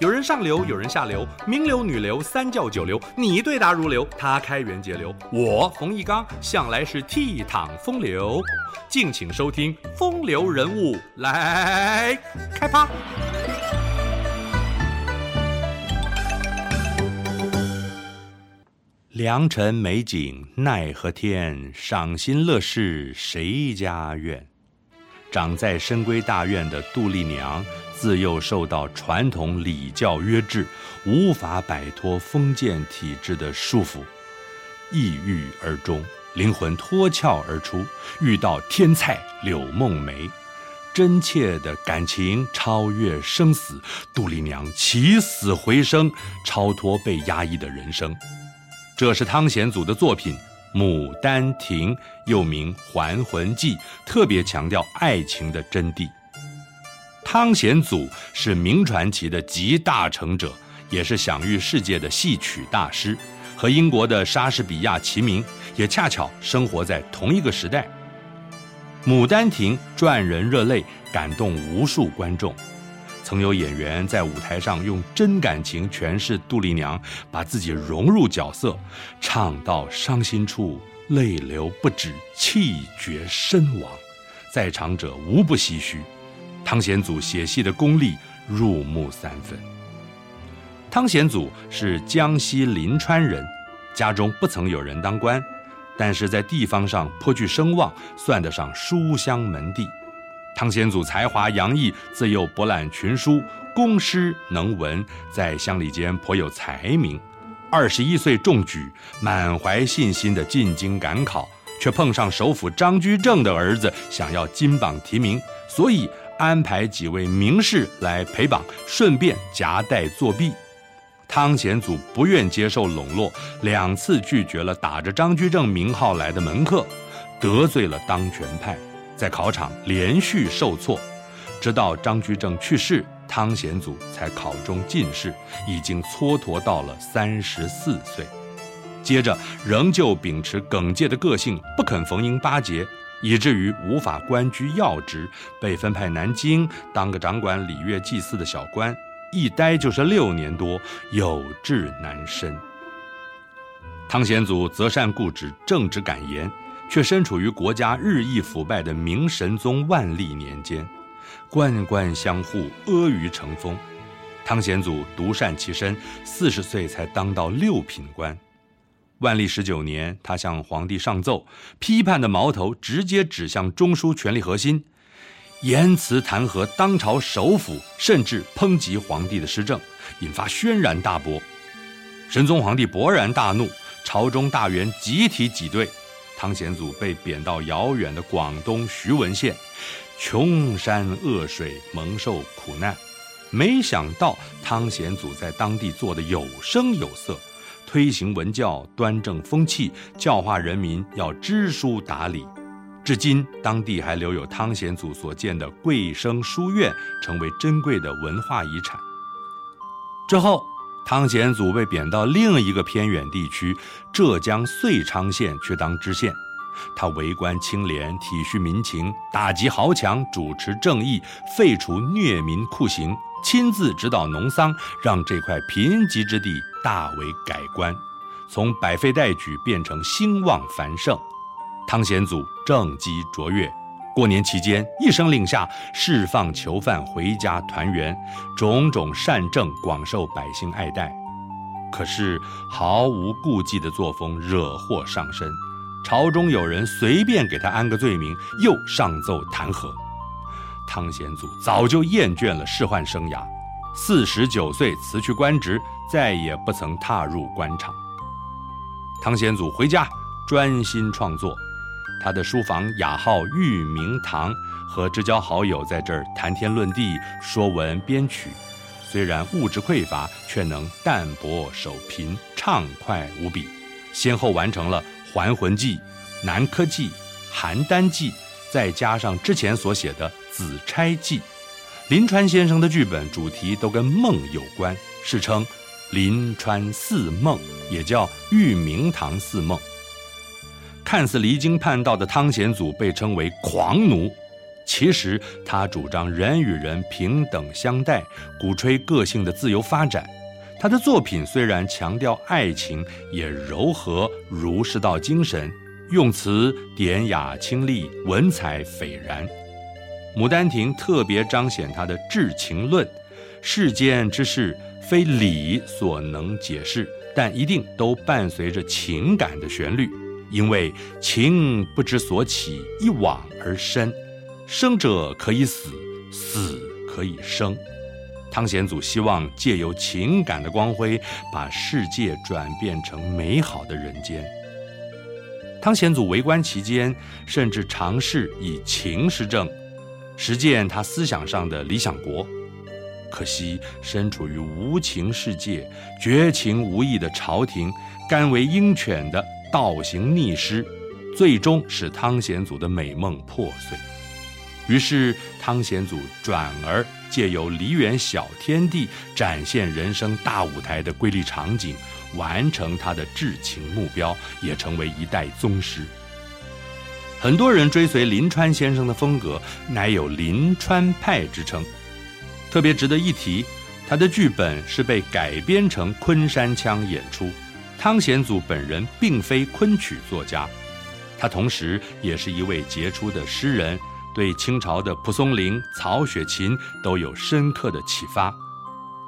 有人上流，有人下流，名流、女流、三教九流，你對答如流，他開源節流，我馮翊綱向來是倜儻風流。敬請收聽《風流人物》來，來開趴。良辰美景奈何天，賞心樂事誰家院？長在深閨大院的杜麗娘，自幼受到傳統禮教約制，無法擺脫封建體制的束縛，抑鬱而終，靈魂脫殼而出，遇到天菜柳夢梅，真切的感情超越生死，杜麗娘起死回生，超脫被壓抑的人生。這是湯顯祖的作品。《牡丹亭》又名《還魂記》，特別強調愛情的真諦。湯顯祖是明傳奇的集大成者，也是享譽世界的戲曲大師，和英國的莎士比亞齊名，也恰巧生活在同一個時代。《牡丹亭》賺人熱淚，感動無數觀眾。曾有演員在舞台上用真感情詮釋杜麗娘，把自己融入角色，唱到傷心處，淚流不止，氣絕身亡，在場者無不唏噓。湯顯祖寫戲的功力，入木三分。湯顯祖是江西臨川人，家中不曾有人當官，但是在地方上頗具聲望，算得上書香門第。湯顯祖才華洋溢，自幼博覽群書，工詩能文，在鄉里間頗有才名。二十一歲中舉，滿懷信心地進京趕考，卻碰上首輔張居正的兒子想要金榜題名，所以安排幾位名士來陪榜，順便夾帶作弊。湯顯祖不願接受籠絡，兩次拒絕了打着張居正名號來的門客，得罪了當權派。在考場連續受挫，直到張居正去世，湯顯祖才考中進士，已經蹉跎到了三十四歲。接着，仍舊秉持耿介的個性，不肯逢迎巴結，以至於無法官居要職，被分派南京當個掌管禮樂祭祀的小官，一待就是六年多，有志難伸。湯顯祖擇善固執，正直敢言。卻身處於國家日益腐敗的明神宗萬曆年間，官官相護，阿諛成風。湯顯祖獨善其身，四十歲才當到六品官。萬曆十九年，他向皇帝上奏，批判的矛頭直接指向中樞權力核心，言辭彈劾當朝首輔，甚至抨擊皇帝的施政，引發軒然大波。神宗皇帝勃然大怒，朝中大員集體擠兌。湯顯祖被貶到遙遠的廣東徐聞縣，窮山惡水，蒙受苦難。沒想到湯顯祖在當地做得有聲有色，推行文教，端正風氣，教化人民要知書達理。至今，當地還留有湯顯祖所建的貴生書院，成為珍貴的文化遺產。之後。湯顯祖被貶到另一個偏遠地區——浙江遂昌縣去當知縣。他為官清廉，體恤民情，打擊豪強，主持正義，廢除虐民酷刑，親自指導農桑，讓這塊貧瘠之地大為改觀，從百廢待舉變成興旺繁盛。湯顯祖政績卓越。過年期間，一聲令下，釋放囚犯回家團圓，種種善政廣受百姓愛戴。可是毫無顧忌的作風惹禍上身，朝中有人隨便給他安個罪名，又上奏彈劾。湯顯祖早就厭倦了仕宦生涯，四十九歲辭去官職，再也不曾踏入官場。湯顯祖回家專心創作。他的書房雅號玉茗堂，和至交好友在這兒談天論地、說文編曲。雖然物質匱乏，卻能淡泊守貧，暢快無比。先後完成了《還魂記》《南柯記》《邯鄲記》，再加上之前所寫的《紫釵記》，臨川先生的劇本主題都跟夢有關，世稱“臨川四夢”，也叫玉茗堂四夢。看似離經叛道的湯顯祖被稱為“狂奴”，其實他主張人與人平等相待，鼓吹個性的自由發展。他的作品雖然強調愛情，也糅合儒釋道精神，用詞典雅清麗，文采斐然。《牡丹亭》特別彰顯他的至情論：世間之事非理所能解釋，但一定都伴隨着情感的旋律。因為情不知所起，一往而深，生者可以死，死可以生。湯顯祖希望借由情感的光輝，把世界轉變成美好的人間。湯顯祖為官期間，甚至嘗試以情施政，實踐他思想上的理想國。可惜，身處於無情世界、絕情無義的朝廷，甘為鷹犬的。倒行逆施，最終使湯顯祖的美夢破碎。於是，湯顯祖轉而借由梨園小天地展現人生大舞台的瑰麗場景，完成他的至情目標，也成為一代宗師。很多人追隨臨川先生的風格，乃有臨川派之稱。特別值得一提，他的劇本是被改編成昆山腔演出。湯顯祖本人並非崑曲作家，他同時也是一位傑出的詩人，對清朝的蒲松齡、曹雪芹都有深刻的啟發。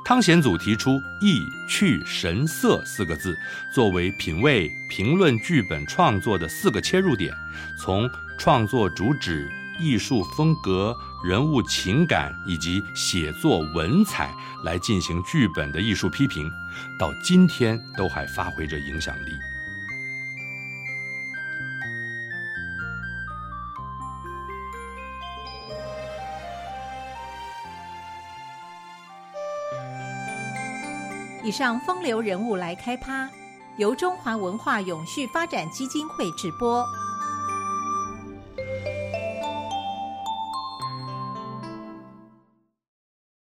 湯顯祖提出“意趣神色”四個字，作為品味評論劇本創作的四個切入點，從創作主旨、藝術風格、人物情感以及寫作文采來進行劇本的藝術批評，到今天都還發揮着影響力。以上風流人物來開趴，由中華文化永續發展基金會直播。